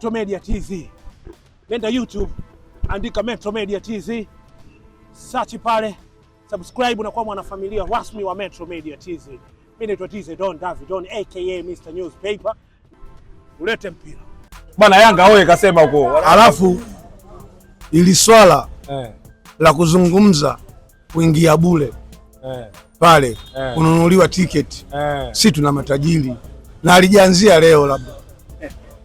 Metro Media TV. nenda YouTube andika Metro Media TV, search pale, subscribe na kuwa mwanafamilia rasmi wa Metro Media TV. Mimi naitwa TZ Don Don aka Mr Newspaper. Ulete mpira bwana. Yanga oye kasema huko, alafu ili swala eh, la kuzungumza kuingia bure eh, pale eh, kununuliwa tiketi eh, si tuna matajiri na alijaanzia leo labda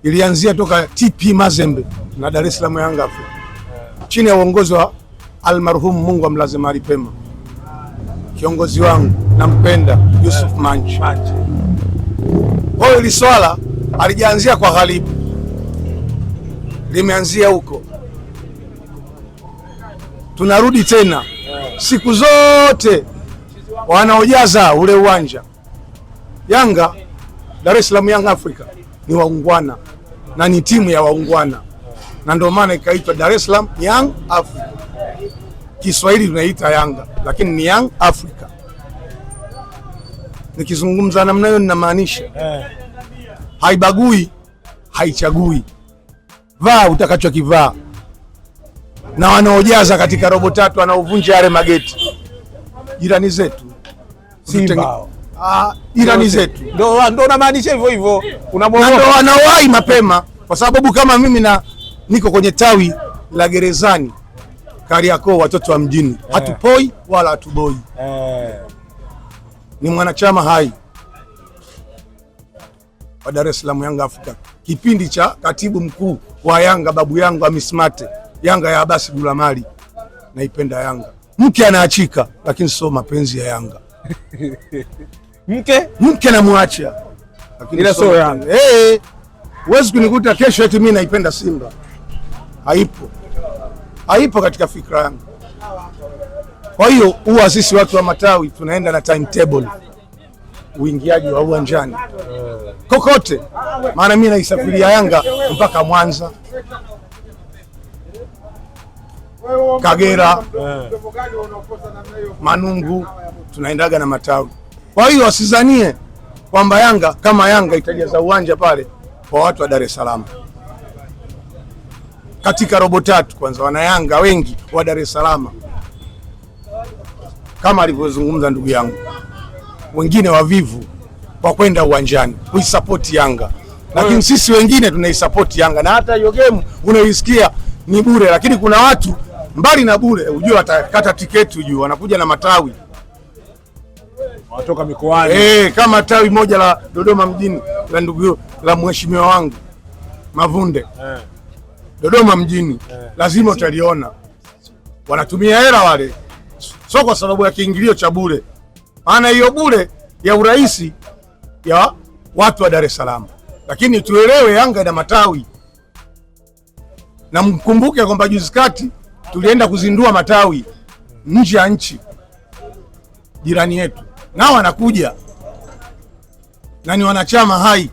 ilianzia toka TP Mazembe na Dar es Salaam Yanga Afrika chini ya uongozi wa almarhum, Mungu amlaze mahali pema, kiongozi wangu nampenda Yusuf Manji. Kwa hiyo swala alijaanzia kwa ghalibu, limeanzia huko. Tunarudi tena siku zote wanaojaza ule uwanja Yanga Dar es Salaam Yanga Afrika ni waungwana na ni timu ya waungwana, na ndio maana ikaitwa Dar es Salaam Young Africa. Kiswahili tunaita Yanga, lakini ni Young Africa. Nikizungumza namna hiyo, ninamaanisha haibagui, haichagui, vaa utakachokivaa na wanaojaza katika robo tatu wanaovunja yale mageti jirani zetu Simba Ah, irani zetu, ndo namaanisha hivyo hivyo, ndo wanawai mapema, kwa sababu kama mimi na niko kwenye tawi la gerezani Kariakoo, watoto wa mjini yeah. Hatupoi wala hatuboi yeah. Ni mwanachama hai wa Dar es Salaam Yanga Afrika, kipindi cha katibu mkuu wa Yanga babu yangu amismate Yanga ya Abasi Dulamali, Naipenda Yanga, mke anaachika, lakini sio mapenzi ya Yanga mke mke namwacha, ila sio yangu. Eh, huwezi kunikuta kesho eti mimi naipenda Simba, haipo haipo katika fikra yangu. Kwa hiyo huwa sisi watu wa matawi tunaenda na timetable uingiaji wa uwanjani kokote, maana mimi naisafiria Yanga mpaka Mwanza, Kagera, eh. Manungu, tunaendaga na matawi. Kwa hiyo wasizanie kwamba Yanga kama Yanga itajaza uwanja pale kwa watu wa Dar es Salaam katika robo tatu. Kwanza wana Yanga wengi wa Dar es Salaam kama alivyozungumza ndugu yangu, wengine wavivu wa kwenda uwanjani kuisapoti Yanga, lakini hmm. sisi wengine tunaisapoti Yanga, na hata hiyo game unaisikia ni bure, lakini kuna watu mbali na bure, ujue watakata tiketi, ujue wanakuja na matawi watoka mikoani eh, kama tawi moja la Dodoma mjini la ndugu la mheshimiwa wangu Mavunde eh. Dodoma mjini eh. Lazima utaliona wanatumia hela wale, sio kwa sababu ya kiingilio cha bure, maana hiyo bure ya urahisi ya watu wa Dar es Salaam, lakini tuelewe, Yanga ina matawi na mkumbuke kwamba juzi kati tulienda kuzindua matawi nje ya nchi, jirani yetu nao wanakuja na ni wanachama hai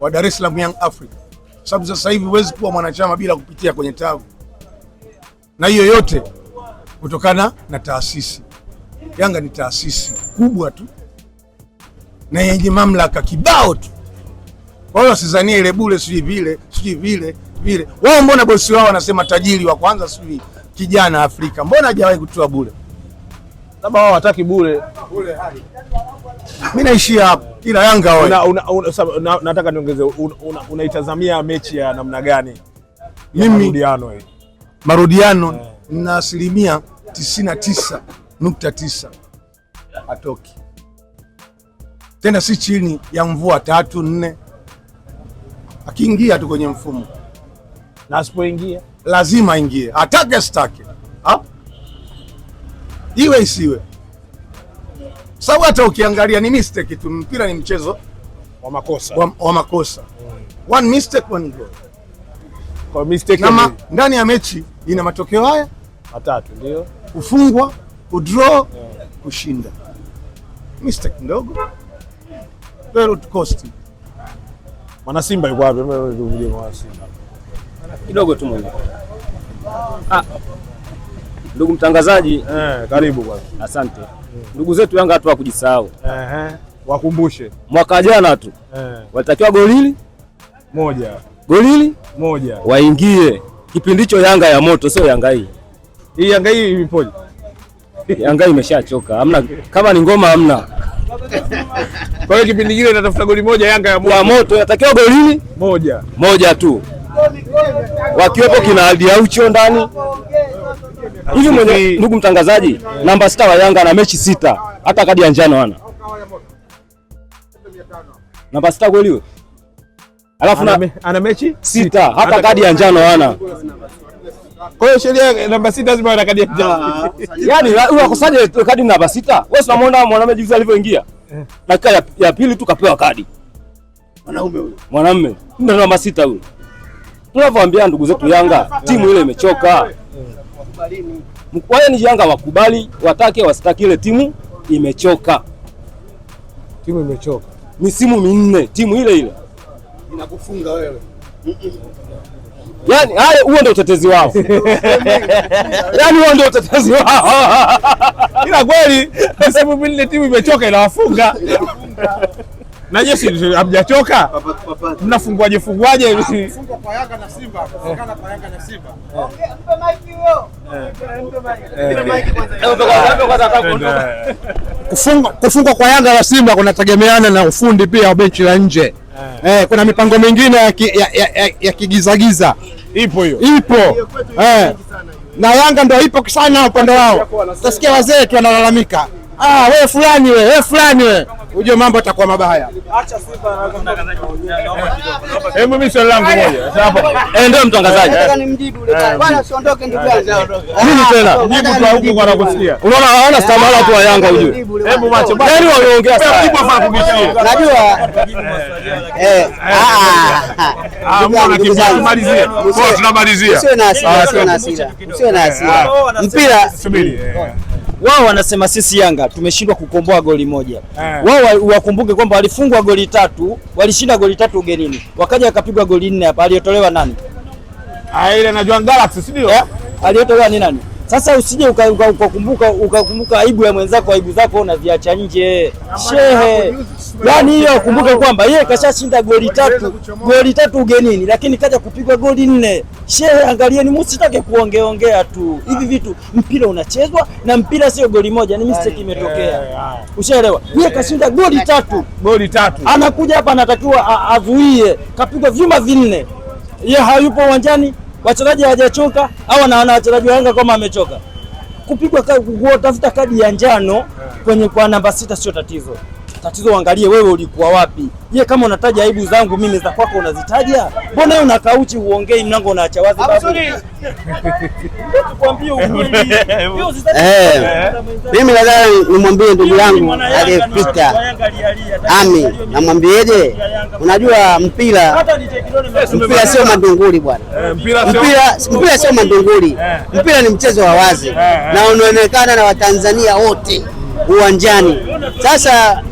wa Dar es Salaam Young Africa, sababu sasa hivi huwezi kuwa mwanachama bila kupitia kwenye tawi, na hiyo yote kutokana na taasisi. Yanga ni taasisi kubwa tu na yenye mamlaka kibao tu. Kwa hiyo wasizanie ile bure, sijui vile sijui vile vile. Wao mbona bosi wao wanasema tajiri wa kwanza sijui kijana Afrika, mbona hajawahi kutoa bure? labda wao hawataki bure. Mimi naishia hapo, ila Yanga wewe, nataka niongeze, unaitazamia mechi ya namna gani? Mimi marudiano eh. na asilimia tisini na tisa nukta tisa atoki tena, si chini ya mvua tatu nne. Akiingia tu kwenye mfumo na asipoingia lazima aingie, atake stake ha? iwe isiwe, sababu hata ukiangalia ni mistake tu, mpira ni mchezo wa makosa, wa, wa makosa. Mm. One mistake, one goal. Kwa mistake na ndani ya mechi ina matokeo haya matatu, ndio kufungwa, kudraw, yeah. kushinda. Mistake ndogo cost. Mwana Simba yuko wapi? Mwana Simba kidogo tu mwenyewe. Ah. Ndugu mtangazaji eh, karibu bwana. Asante ndugu zetu Yanga hatu wakujisahau eh, wakumbushe mwaka jana tu eh, walitakiwa golili moja golili moja waingie kipindi hicho. Yanga ya moto sio Yanga hii hii. Yanga hii imepoje? Yanga imeshachoka, hamna kama ni ngoma hamna. Kwa hiyo kipindi kile natafuta goli moja Yanga ya moto, ya moto inatakiwa golili moja moja tu, wakiwepo kina Adiaucho ndani huyu mwenye, ndugu mtangazaji, namba sita wa Yanga na mechi sita, hata kadi ya njano ana namba sita kweli wewe? Alafu na ana mechi sita, hata kadi ya njano ana. Kwa hiyo sheria namba sita lazima ana kadi ya njano. Ah, yaani huyu akosaje kadi namba sita? Wewe unamwona mwanamume jinsi alivyoingia eh. dakika ya, ya pili tu kapewa kadi mwanaume huyo, mwanaume ndio namba sita huyo. Tunavyoambia ndugu zetu Yanga, timu ile imechoka. Ni Yanga wakubali, watake wasitaki, ile timu imechoka. Timu imechoka misimu minne, timu ile ile inakufunga wewe. Yaani haya, huo ndio utetezi wao. Yaani huo ndio utetezi wao, ila kweli misimu minne timu imechoka, inawafunga na jeshi hamjachoka, mnafunguaje funguaje hivi? Ah, kwa Yanga na Simba, eh. eh. mpe maiki eh. Mpe na Simba kunategemeana na ufundi pia wa benchi la nje. Eh, kuna mipango mingine ya ki, ya, ya, ya kigizagiza ipo hiyo, ipo eh, na Yanga ndio ipo sana upande wao. Utasikia wazee tu wanalalamika, ah, wewe fulani wewe, wewe fulani wewe ujue mambo atakuwa mabaya. Hebu mimi swali langu moja. Eh, eh, ndio mtangazaji. Eh. Nataka nimjibu yule eh. bwana. Bwana ndugu yangu. Ah, mimi tena. Mjibu kwa huku kwa nakusikia. Unaona hawana stamara tu wa Yanga ujue. Hebu macho. Yaani waliongea sana. Mjibu afa kumishie. Najua. Eh. Ah. ah, ah. Mbona kibu Kwa tunamalizia. Usiwe na hasira, usiwe na hasira. Usiwe na hasira. Mpira subiri wao wanasema sisi Yanga tumeshindwa kukomboa goli moja. Eh. Wao wakumbuke kwamba walifungwa goli tatu, walishinda goli tatu ugenini, wakaja wakapigwa goli nne hapa. Aliyotolewa nani? Ah, ile najua Galaxy, si ndio? Eh? Aliyotolewa ni nani? Sasa usije ukakumbuka uka, uka ukakumbuka aibu ya mwenzako, aibu zako unaziacha nje shehe yaani hiyo kumbuka kwamba yeye kashashinda goli tatu goli tatu ugenini, lakini kaja kupigwa goli nne. Shehe, angalieni, msitake kuongeongea tu hivi vitu. Mpira unachezwa na mpira sio goli moja, ni mistake yaani, imetokea, eh, ushaelewa? Yeye kashinda goli eh, tatu, goli tatu, anakuja hapa anatakiwa azuie, kapigwa vyuma vinne, ye hayupo uwanjani, wachezaji hawajachoka au anaona wachezaji wa Yanga kama amechoka kupigwa, tafuta kadi ya njano kwenye kwa namba sita sio tatizo tatizo uangalie wewe ulikuwa wapi. Ye, kama unataja aibu zangu mimi za kwako unazitaja, mbona wewe unakauchi uongei mlango unaacha wazi babu? Eh, mimi nadhani nimwambie ndugu yangu aliyepita Ami, namwambieje? Unajua mpira eh, mpira sio madunguli bwana, eh, mpira sio madunguli, mpira ni mchezo wa wazi na unaonekana na Watanzania wote uwanjani. Sasa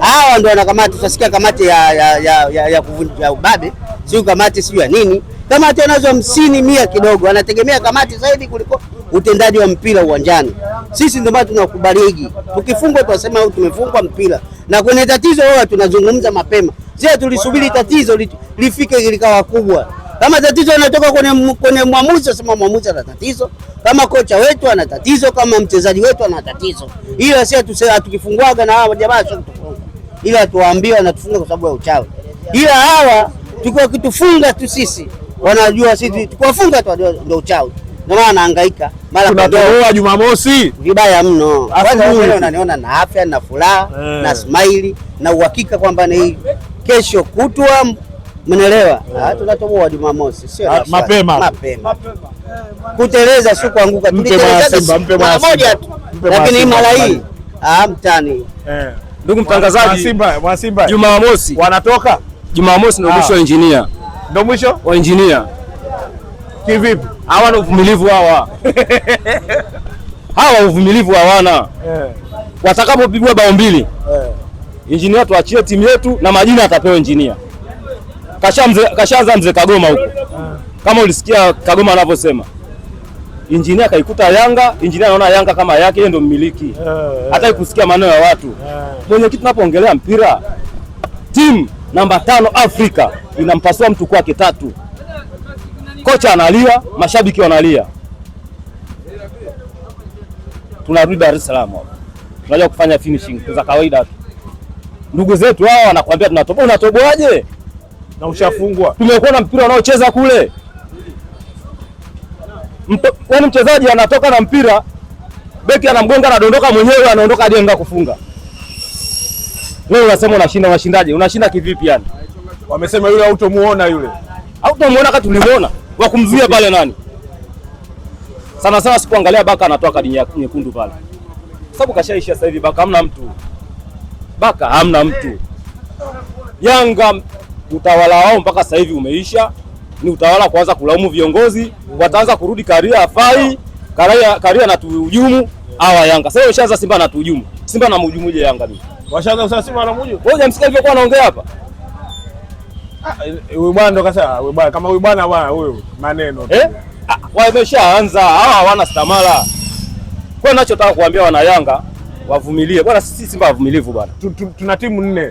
hawa ndio wanakamati. Tutasikia kamati ya, ya, ya, ya, ya, ya ubabe siu kamati siu ya nini kamati wanazo hamsini mia kidogo, wanategemea kamati zaidi kuliko utendaji wa mpira uwanjani. Sisi ndio maana tunakubaligi, tukifungwa tunasema au tumefungwa mpira, na kwenye tatizo wao tunazungumza mapema. Sisi tulisubiri tatizo lifike likawa kubwa. Kama tatizo anatoka kwenye kwenye mwamuzi, asema mwamuzi ana tatizo, kama kocha wetu ana tatizo, kama mchezaji wetu ana tatizo. Hiyo sisi tukifungwaga na hawa jamaa sio kutufunga, ila tuwaambie na kwa sababu ya uchawi, ila hawa tukiwa kitufunga tu sisi wanajua sisi tukiwafunga tu ndio uchawi, ndio maana anahangaika mara tunatoa Jumamosi vibaya mno. Unaniona na afya na furaha eh. na smile na uhakika kwamba ni kesho kutwa Mnaelewa? Ah, tunatoboa Jumamosi, sio ah, mapema. Mapema. Kuteleza si kuanguka. Tuliteleza moja tu. Lakini mara hii ah, mtani. Eh. Ndugu mtangazaji, Simba, wa Simba. Jumamosi. Wanatoka? Jumamosi ndio ah. mwisho wa engineer. Ndio mwisho wa engineer. Kivipi? Hawana uvumilivu hawa. Hawa uvumilivu hawana. Eh. Watakapopigwa bao mbili. Eh. Engineer tuachie timu yetu na majina atapewa engineer kashaanza mzee Kagoma huko, kama ulisikia Kagoma anavyosema injinia kaikuta Yanga, injinia anaona Yanga kama yake, yeye ndio mmiliki, eh, eh. hata kusikia maneno ya watu. Eh. Mwenyekiti, tunapoongelea mpira, timu namba tano Afrika inampasua mtu kwake tatu, kocha analia, mashabiki wanalia. Tunarudi Dar es Salaam tunajua kufanya finishing za kawaida tu. Ndugu zetu hawa wanakuambia tunatoboa, unatoboaje? na ushafungwa. Tumekuwa na mpira unaocheza kule, yaani mchezaji anatoka na mpira, beki anamgonga, anadondoka mwenyewe, anaondoka hadi anaenda kufunga. Wewe unasema unashinda, unashindaje? Unashinda kivipi? Yani wamesema yule hautomuona, yule hautomuona, kati ulimuona wa kumzuia pale nani? Sana sana sikuangalia Baka anatoa kadi nyekundu pale, sababu kashaisha sasa hivi. Baka hamna mtu, Baka hamna mtu. Yanga Utawala wao mpaka sasa hivi umeisha, ni utawala kuanza kulaumu viongozi, wataanza kurudi Karia afai Karia, Karia na tuhujumu hawa Yanga. Sasa wameshaanza Simba na tuhujumu. Simba na mhujumuje Yanga mimi? Washaanza sasa Simba na mhujumu. Wewe hivyo kwa anaongea hapa? Ah, eh, huyu bwana ndo kasa, huyu bwana kama huyu bwana bwana huyu maneno. Eh? Ah, wameshaanza hawa hawana stamala Kwa ninachotaka kuambia wana Yanga wavumilie. Bwana sisi Simba wavumilivu bwana. Tuna timu nne.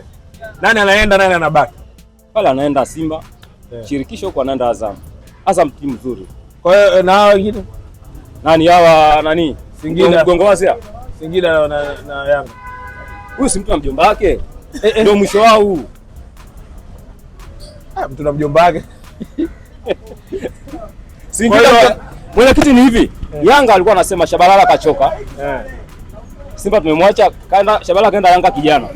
Nani anaenda nani anabaki? pale anaenda Simba yeah. Shirikisho huko anaenda Azam. Azam timu nzuri. Kwa hiyo eh, na hao wengine nani hawa nani? Singida Mgongo wazi hapa. Singida na na na Yanga. Huyu si mtu na mjomba wake. Eh, eh. Ndio mwisho wao huu. Ah, mtu na mjomba wake. Singida mwenyekiti ni hivi. yeah. Yanga alikuwa anasema Shabalala kachoka. Eh. Simba tumemwacha kaenda Shabalala kaenda Yanga kijana.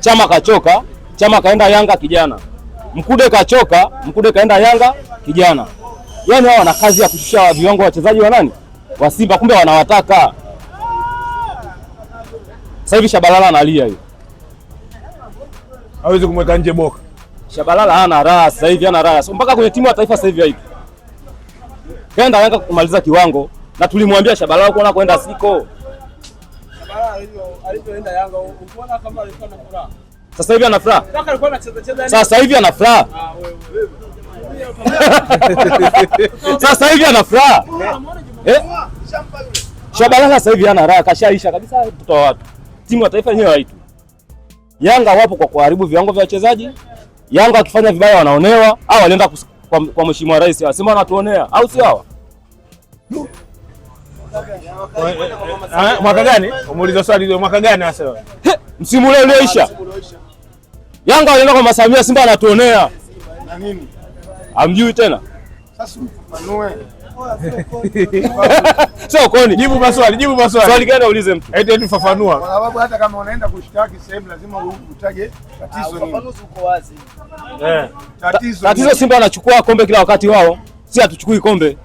Chama kachoka, Chama kaenda Yanga kijana. Mkude kachoka, Mkude kaenda Yanga kijana. Yaani wao wana kazi ya kushusha viwango wachezaji wa nani wa Simba, kumbe wanawataka. Sasa hivi Shabalala analia hiyo, hawezi kumweka nje Boka. Shabalala hana raha sasa hivi, hana raha mpaka kwenye timu ya taifa sasa hivi haipo, kaenda Yanga kumaliza kiwango, na tulimwambia Shabalala kuona kwenda siko Shabalala alivyoenda Yanga, ukiona kama alikuwa na furaha sasa hivi ana furaha. Sasa hivi ana furaha. Ah, sasa hivi ana furaha. Eh? Shabalala sasa hivi ana raha, kashaisha kabisa mtoto wa watu. Timu ya taifa yenyewe haitu. Yanga wapo kwa kuharibu viwango vya wachezaji. Yanga wakifanya vibaya wanaonewa au walienda kwa, kwa mheshimiwa rais wasema wanatuonea au si hawa? Eh, eh, eh, mwaka gani? Umuuliza swali, mwaka gani hasa? Msimu ule ulioisha. Yanga walienda kwa Masamia, Simba anatuonea na nini? Amjui tena sasa, sio koni. Jibu maswali, jibu maswali. Swali gani aulize mtu? Eti eti fafanua. sababu hata kama unaenda kushtaki sehemu lazima utaje tatizo nini. Uko wazi. Eh. Tatizo. Tatizo Simba anachukua kombe kila wakati wao. Si hatuchukui kombe.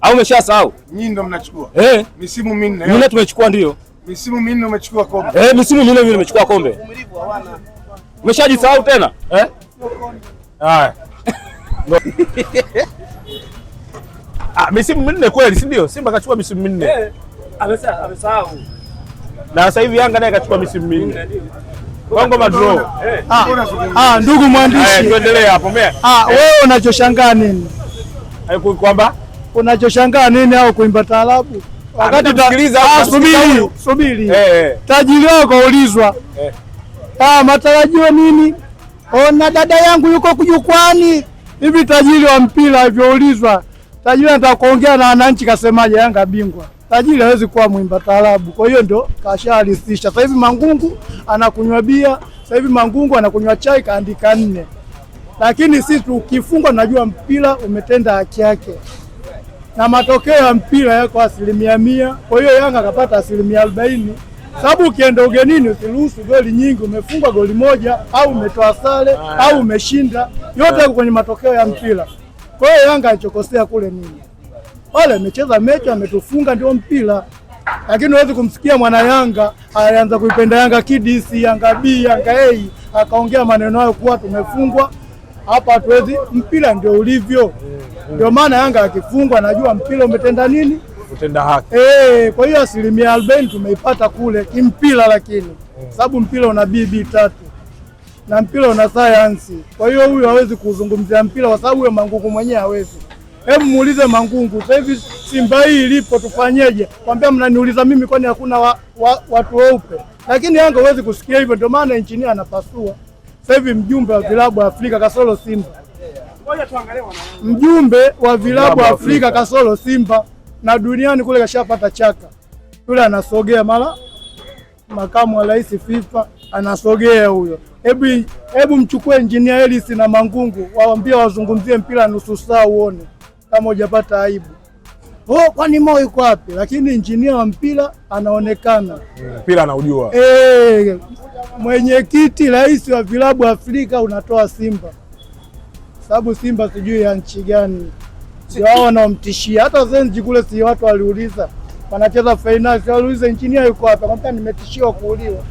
Au umeshasahau? Nyinyi ndio mnachukua. Eh. Misimu minne. Minne tumechukua ndio. Misimu minne umechukua kombe. Eh, misimu minne mimi nimechukua kombe. Uvumilivu hawana. Umeshajisahau tena eh? Haya. Ah, misimu minne kweli, si ndio? Simba kachukua misimu minne. Eh, amesahau. Na sasa hivi Yanga naye kachukua misimu minne. Bongo madro. Eh, ah, ah, ndugu mwandishi. Tuendelee hapo. Ah, eh. wewe unachoshangaa nini? Haiku eh, kwamba unachoshangaa nini au kuimba taarabu? Ah, Wakati tusikiliza, ah, subiri, subiri. Tajiri wako Eh. Ah, matarajio nini? Ona oh, dada yangu yuko kujukwani hivi, tajiri wa mpira alivyoulizwa, tajiri anataka kuongea na wananchi, kasemaje? Yanga bingwa. Tajiri hawezi kuwa mwimba taarabu, kwa hiyo ndo kashaalisisha. Sasa hivi Mangungu anakunywa bia, sasa hivi Mangungu anakunywa chai, kaandika nne. Lakini sisi tukifungwa, najua mpira umetenda haki yake na matokeo ya mpira yako asilimia mia. Kwa hiyo Yanga akapata asilimia arobaini sababu ukienda ugenini ukiruhusu goli nyingi, umefungwa goli moja au umetoa sare au umeshinda, yote yako kwenye matokeo ya mpira. Kwa hiyo Yanga alichokosea kule nini? Wale amecheza mechi, ametufunga, ndio mpira lakini huwezi kumsikia mwana Yanga alianza kuipenda Yanga kidisi Yanga B Yanga A akaongea maneno hayo kuwa tumefungwa hapa, hatuwezi. Mpira ndio ulivyo, ndio maana Yanga akifungwa, najua mpira umetenda nini, kutenda haki eh. Kwa hiyo asilimia arobaini tumeipata kule kimpira, lakini mm. sababu mpira una bb tatu na mpira una sayansi. Kwa hiyo huyu hawezi kuzungumzia mpira kwa sababu huyo Mangungu mwenyewe hawezi. Hebu muulize Mangungu sasa hivi Simba hii ilipo tufanyeje? Kwambia mnaniuliza mimi, kwani hakuna wa, wa, watu weupe? Lakini Yanga huwezi kusikia hivyo, ndio maana injinia anapasua sasa hivi. Mjumbe wa vilabu Afrika kasoro Simba, mjumbe wa vilabu Afrika kasoro Simba na duniani kule kashapata chaka yule, anasogea mara makamu wa rais FIFA anasogea huyo. Hebu hebu mchukue engineer Ellis na Mangungu, waambie wazungumzie mpira nusu saa, uone kama hujapata aibu. Oh, kwani Mo yuko wapi? Lakini injinia wa mpira anaonekana mpira anaujua. Eh, mwenyekiti rais wa vilabu Afrika unatoa Simba, sababu Simba sijui ya nchi gani. wao wanamtishia. Hata Zenji kule, si watu waliuliza, wanacheza fainali, si waliuliza injinia yuko hapa, akamwambia nimetishiwa kuuliwa.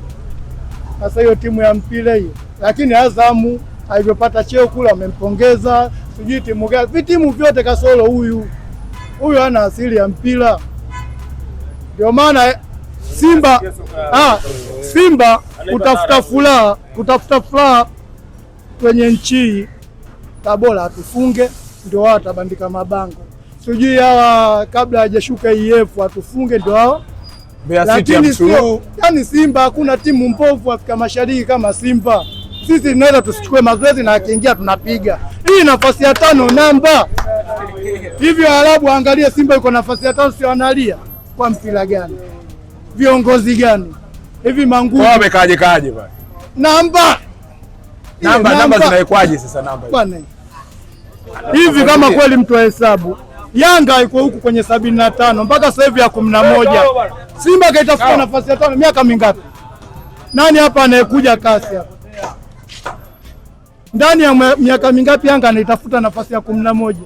Sasa hiyo timu ya mpira hiyo, lakini Azamu alivyopata cheo kule wamempongeza, sijui timu gani, vitimu vyote kasoro huyu. Huyu ana asili ya mpira, ndio maana Simba ah, Simba kutafuta furaha, kutafuta furaha kwenye nchi Tabora, atufunge ndio wao watabandika mabango, sijui hawa kabla hajashuka EF watufunge ndio wao lakini sio, yani Simba hakuna timu mbovu Afrika Mashariki kama Simba. Sisi tunaweza tusichukue mazoezi na akiingia tunapiga. Hii nafasi ya tano namba hivyo, Arabu angalia Simba yuko nafasi ya tano, sio analia kwa mpira gani? Viongozi gani hivi? Wao wamekaje kaje bwana, namba namba namba zinaikwaje sasa namba bwana hivi kama kweli mtu wa hesabu Yanga iko huku kwenye sabini na tano mpaka sasa hivi ya kumi na moja Simba kaitafuta nafasi ya tano miaka mingapi? Nani hapa anayekuja kasi hapa ndani ya miaka mingapi? Yanga anaitafuta nafasi ya kumi na moja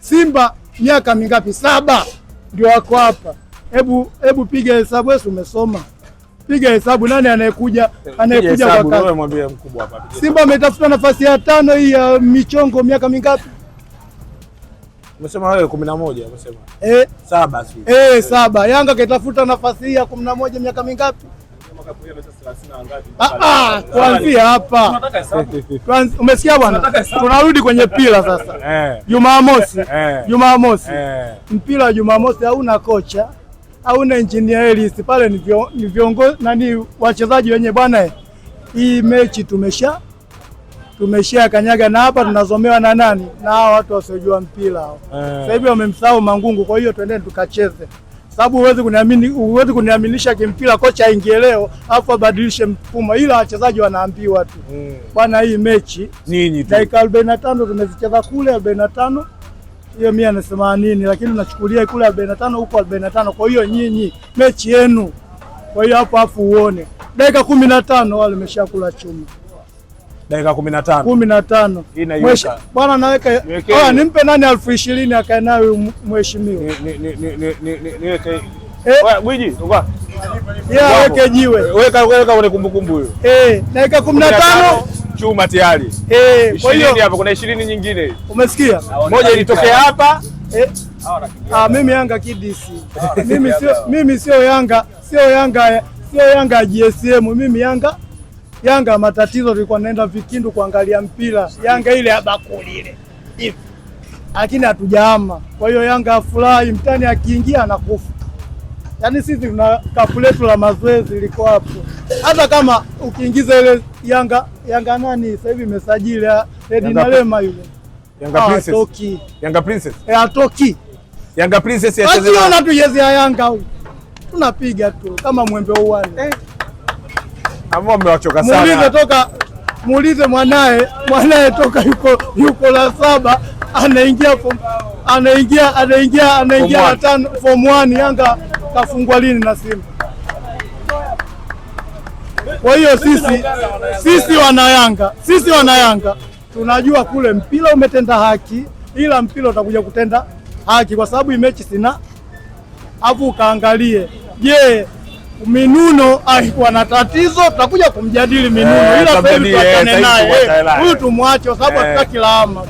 Simba miaka mingapi? Saba ndio wako hapa. Hebu hebu piga hesabu, wewe umesoma, piga hesabu. Nani anayekuja anayekuja kwa kasi? Simba ametafuta nafasi ya tano hii ya michongo miaka mingapi? Umesema wewe kumi na moja umesema eh, saba si eh, saba. Yanga kaitafuta nafasi hii ya kumi na moja miaka mingapi? Ah, ah, kuanzia hapa umesikia bwana, tunarudi kwenye pila sasa. Eh. Jumamosi, eh. Jumamosi eh. mpira wa Jumamosi hauna kocha, hauna engineer list pale, ni viongozi nani, wachezaji wenye bwana, hii mechi tumesha tumeshia kanyaga na hapa tunazomewa na nani? Na hao watu wasiojua mpira hao. Eh. Sasa hivi wamemsahau Mangungu, kwa hiyo twendeni tukacheze, sababu huwezi kuniamini, huwezi kuniaminisha kimpira kocha aingie leo afu abadilishe mfumo, ila wachezaji wanaambiwa tu hmm. bwana, hii mechi nyinyi tu dakika 45 tumezicheza kule 45 hiyo mia na themanini, lakini unachukulia kule 45 huko 45, kwa hiyo nyinyi mechi yenu. Kwa hiyo hapo afu uone dakika 15 wale wameshakula chuma dakika kumi na tano kumi na tano bwana, naweka nimpe nani elfu ishirini akae nayo mheshimiwa, aweke jiwe, weka weka kwenye kumbukumbu hiyo. Eh, dakika kumi na tano chuma tayari. Eh, kwa hiyo hapo kuna ishirini nyingine, umesikia? Moja ilitokea hapa eh. ah, mimi Yanga kidisi mimi sio mimi sio Yanga, sio Yanga, sio Yanga GSM, mimi Yanga Yanga matatizo, tulikuwa naenda Vikindu kuangalia mpira Yanga ile ya bakuli ile hivi, lakini hatujaama. Kwa hiyo Yanga afurahi, mtani akiingia anakufa. Yaani sisi tuna kapu letu la mazoezi liko hapo, hata kama ukiingiza ile Yanga Yanga nani sasa hivi imesajili Edi na Lema yule Yanga ah, Princess atoki, Yanga Princess eh, atoki Yanga Princess ya Yanga, tunapiga tu kama mwembe uwani eh ambao amewachoka sana. Muulize toka muulize mwanae mwanae toka yuko yuko la saba anaingia form anaingia anaingia anaingia la tano form 1 Yanga kafungwa lini na Simba? Kwa hiyo sisi sisi wana Yanga sisi wana Yanga tunajua kule mpira umetenda haki, ila mpira utakuja kutenda haki kwa sababu imechi sina, afu ukaangalie je, Minuno alikuwa ah, na tatizo, tutakuja kumjadili Minuno, eh, ila sasa hivi eh, tuachane naye huyu, tumwache kwa sababu eh, hatutaki lawama,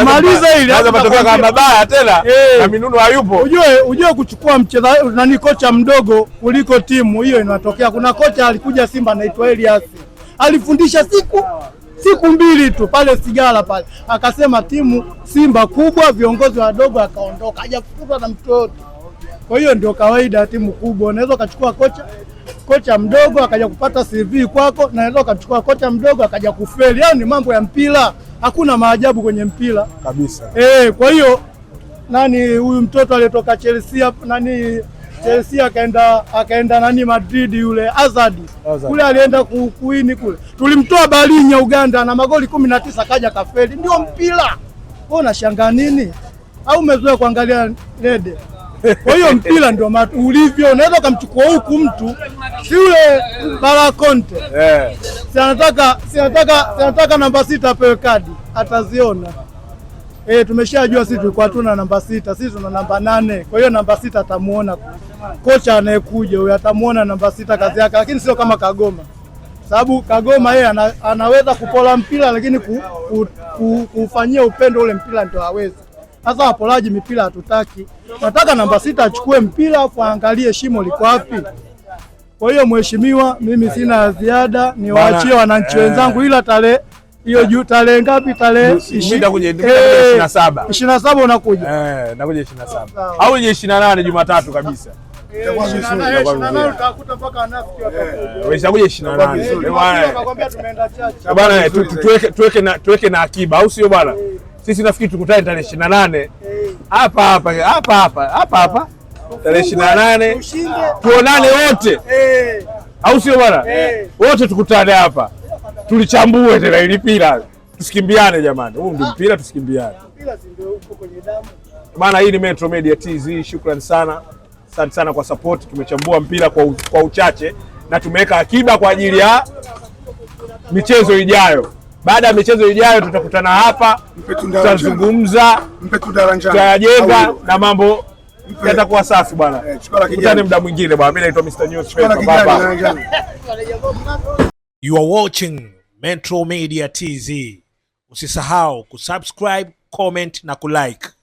tumalize ile mabaya tena na Minuno hayupo. Ujue ujue kuchukua na ni kocha mdogo kuliko timu hiyo inatokea. Kuna kocha alikuja Simba anaitwa Elias, alifundisha siku siku mbili tu pale Sigara pale, akasema timu Simba kubwa, viongozi wadogo, akaondoka, hajafukuzwa na mtoto kwa hiyo ndio kawaida timu kubwa, unaweza ukachukua kocha kocha mdogo akaja kupata CV kwako, unaweza ukachukua kocha mdogo akaja kufeli. Hayo ni mambo ya mpira, hakuna maajabu kwenye mpira kabisa. E, kwa hiyo nani huyu mtoto aliyetoka Chelsea nani Chelsea akaenda akaenda nani Madrid, yule Hazard kule alienda kuini kule, tulimtoa Balinya Uganda na magoli kumi na tisa kaja kafeli. Ndio mpira, wewe unashangaa nini? Au umezoea kuangalia lede kwa hiyo mpira ndio ulivyo, unaweza ukamchukua huku mtu si yule bara Konte yeah. Sinataka, sinataka, namba sita apewe kadi ataziona. E, tumeshajua sisi tulikuwa hatuna namba sita, sisi tuna namba nane. Kwa hiyo namba sita atamuona kocha anayekuja huyo, atamuona namba sita kazi yake, lakini sio kama Kagoma sababu Kagoma yeye ana, anaweza kupola mpira lakini ku, ku, ku, upendo ule mpira ndio hawezi. Sasa wapolaji mipira hatutaki. Nataka namba sita achukue mpira afu aangalie shimo liko wapi. Kwa hiyo mheshimiwa, mimi sina ziada, niwaachie wananchi eh. wenzangu, ila tarehe hiyo juu, tarehe ngapi? Tarehe eh, ishirini na saba ishirini na saba unakuja eh, nakuja ishirini na saba au je ishirini na nane Jumatatu kabisa tuweke na akiba, au sio bwana? sisi nafikiri tukutane tarehe ishirini na nane hapa hapa hapa hapa hapa hapa tarehe ishirini na nane tuonane wote, eh. au sio bwana? Eh. Wote tukutane hapa tulichambue tena ili mpira tusikimbiane jamani, huu ndio mpira, tusikimbiane maana hii ni Metro Media TZ. Shukrani sana, asante sana kwa support. Tumechambua mpira kwa, kwa uchache na tumeweka akiba kwa ajili ya michezo ijayo. Baada ya michezo ijayo tutakutana hapa, tutazungumza, tutajenga na mambo yatakuwa safi bwana. Eh, Tutane muda mwingine bwana. Mimi naitwa Mr News. You are watching Metro Media TV. Usisahau kusubscribe, comment na kulike.